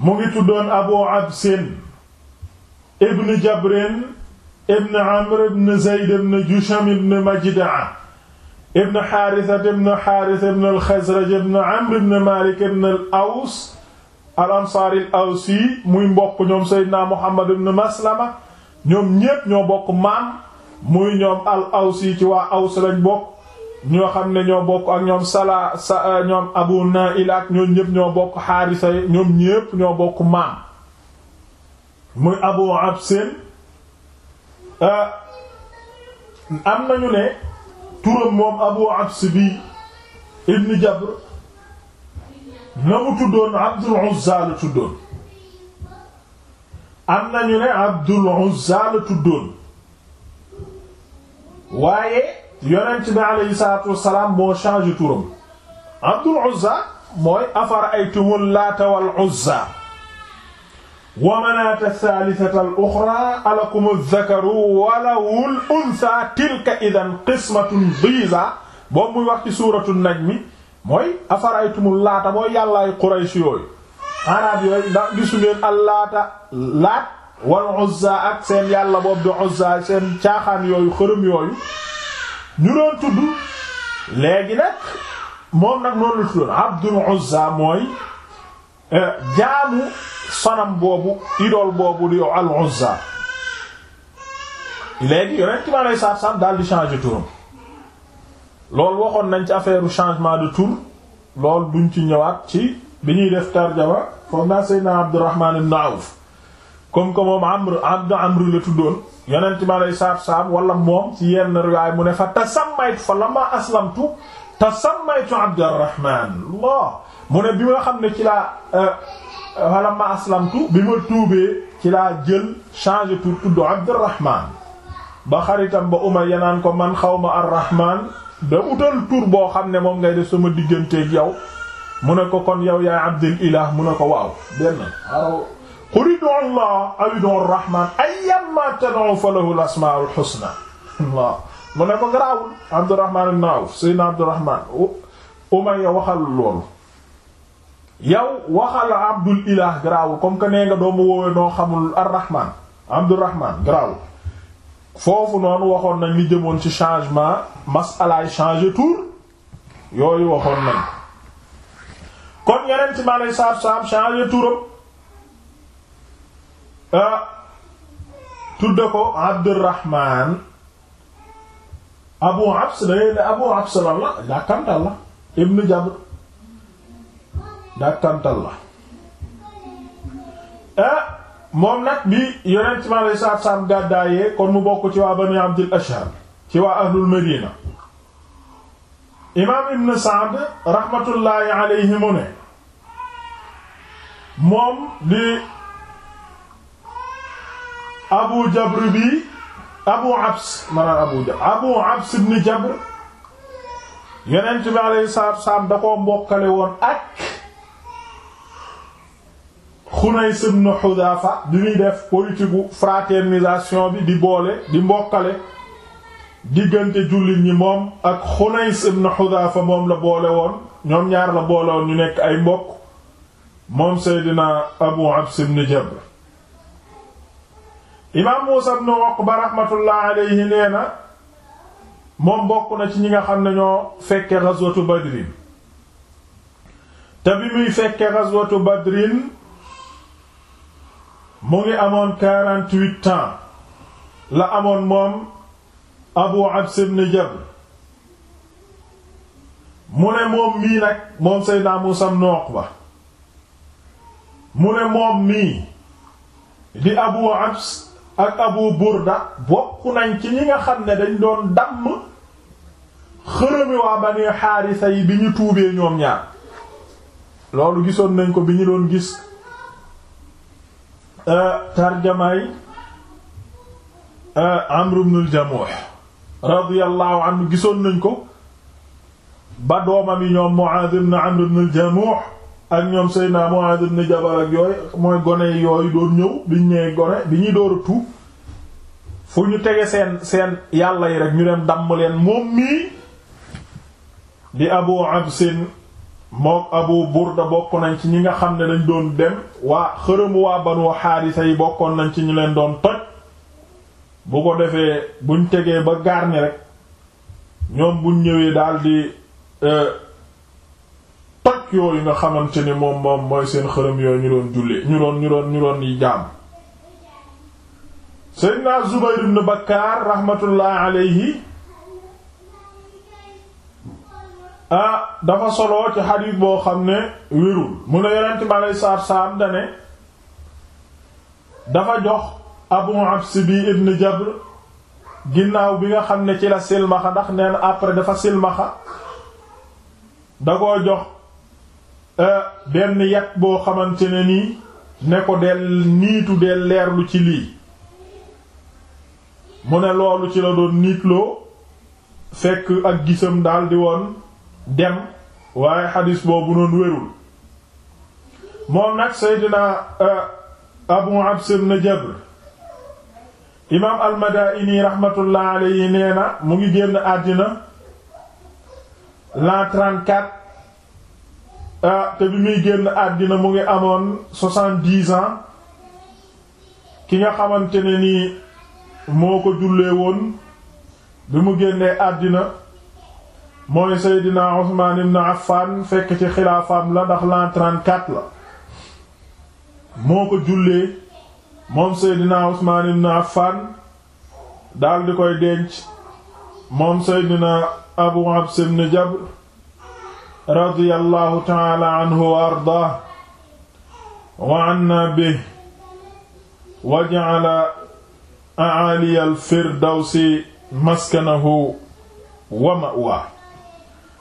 mu ngi tuddoon abu absin ibn jabrin ibn amr ibn zayd ibn jusham ibn majdaa ibn xaarisat ibn xaaris ibn alxasraj ibn amr ibn malik ibn al aws al muy mbokk ñoom seydina muhammad ibn maslama ñoom ñépp ñoo bokk maam muy ñoom al ci waa aws lañ bokk ñoo xam ne ñoo bokk ak ñoom sala sa euh, ñoom abu nail ak ñoom ñëpp ñoo bokk xaarisa ñoom ñëpp ñoo bokk maam muy abu absin euh, am nañu ne turam moom abu abs bi ibn jabr na mu tuddoon abdul uzza la tuddoon am nañu ne abdul uzza la tuddoon waaye yonent bi aleyhi salaatu wassalaam moo changé turam Abdul Uzza mooy afara ay tumul laata wal Uzza wa manaata thalithata al uxra alakum adh-dhakaru wa lahul untha tilka idhan qismatun dhiza boobu muy wax ci najmi mooy afara ay tumul laata mooy yàllaay Quraysh yooyu arab yooyu ndax gisu leen al laata laat wal Uzza ak seen yàlla boobu di Uzza seen caaxaan yooyu xërëm yooyu ñu doon tudd léegi nag moom nag noonu la tuddoon Abdul Uzza mooy euh, jaamu sanam boobu idole boobu di yow al Uzza léegi yonent bi aleyhi salaatu salaam daal di changer turam loolu waxoon nañ ci affaire changement de tour lool duñ ci ñëwaat ci bi ñuy def tarjama foog naa Seydina Abdurrahman ibn Awf comme que moom Amr Abd la tuddoon. yonent ma lay saab saab wala moom ci yenn riwaay mu ne fa tasammaytu fa lama aslamtu tasammaytu Abdurrahman Allah mu ne bi ma xam ne ci laa euh, fa lama aslamtu bi ma tuubee ci laa jël changé pour tudd Abdurrahman ba xaritam ba Umar yenaan ko man xawma ma Arrahman da utal tur boo xam ne moom ngay def sama digganteeg yow mu ne ko kon yow yaay Abdul Ilah mu ne ko waaw benn qul ud'u Allah aw ud'u Rahman ayyamma tad'u falahu al Allah mu ne ko garaawul Abdurrahman ibn Awf Sayyidina Abdurrahman Umayya waxal loolu yow waxal Abdul Ilah garaawul comme que nee nga doomu woowee noo xamul ar-Rahman Abdurrahman foofu noonu waxoon nañ li jëmoon ci changement masalaay changer tour yooyu waxoon nañ kon yeneen ci ma lay saab saab Ah, tudda ko Abdurrahman Abu Abs dangay ne Abu Abs la la dàkkantal la ibnu Jabr dàkkantal la ah, moom nag bi yonent mi alayhi salaatu salaam gàddaayee kon mu bokk ci waa Bani Abdul Ashhal ci waa ahlul Madina imaam Ibn Sa'd rahmatullahi alayhi ne moom di abu jabr bii abu abs maanaam abu jabr abu abs ibn jabr yonent bi alayhi da koo mbokkale woon ak xunays ibn xudaafa di ñuy def politique gu fraternisation bi di boole di mbokkale diggante jullit ñi moom ak xunays ibn xudaafa moom la boole woon ñoom ñaar la boole woon ñu nekk ay mbokk moom seydina abu abs ibn jabr imaam Muusa ibn Uqba alayhi nee na moom bokk na ci ñi nga xam ne ñoo fekke ghazwatu Badrin te bi muy fekke ghazwatu Badrin mu ngi amoon quarante-huit la amoon moom Abu Abs ibn mu ne moom mii nag moom Seydina Muusa ibn mu ne moom mii di Abu Abs ak Abu Burda bokk nañ ci ñi nga xam ne dañ doon damm xërëmi waa Bani Haarisa yi bi ñu tuubee ñoom ñaar loolu gisoon nañ ko bi ñu doon gis euh, tarjamaay euh, Amr ibn al-Jamuh radiyallahu gisoon nañ ko ba doomam yi ñoom Mu'adh ibn Amr ibn ak ñoom Seydina Muaz ibn Jabal ak yooyu mooy gone yooyu doon ñëw biñ ñëwee gone bi ñuy door a tuub fu ñu tege seen seen yàlla yi rek ñu dem damm leen moom mii di Abu Absin mook Abu Burda bokk nañ ci ñi nga xam ne dañ doon dem waa xërëmu waa Banu Haarisa yi bokkoon nañ ci ñu leen doon toj bu ko defee buñ tegee ba gaar ni rek ñoom buñ ñëwee daldi euh, ak nga xamante ni moom moom mooy seen xërëm yooyu ñu doon jullee ñu doon ñu doon ñu doon Zubayr ibn Bakkaar rahmatullah alayhi ah dafa solo ci xadiis boo xam ne wérul mu ne yonent bi aleyhi salaatu salaam dafa jox Abu Abs ginnaaw bi nga xam ne ci la silmaxa ndax neen après dafa silmaxa da koo jox Euh, benn yat boo xamante ne nii ne ko del niitu del leerlu ci lii mu ne loolu ci la doon niitloo fekk ak gisam daldi woon dem waaye xadis boobu noonu wérul moom nag Seydina euh, Abu Abs ibn Jabr imaam al-Madaini rahmatullah alayhi nee na mu ngi génn àddina l'an Ah, te bi muy génn àddina mu ngi amoon soixante-dix ans ki nga xamante ne nii moo ko jullee woon bi mu génnee àddina mooy Seydina Usmaan ibn Affan fekk ci xilaafaam la ndax l'an 34 la moo ko jullee moom Seydina Usmaan ibn Affan daal di koy denc moom Seydina Abu Habs ibn Jabr radiyallahu ta'ala anhu wa ardaah wa anna bihi wa ja'ala a'ali al-firdawsi maskanahu wa ma'waahu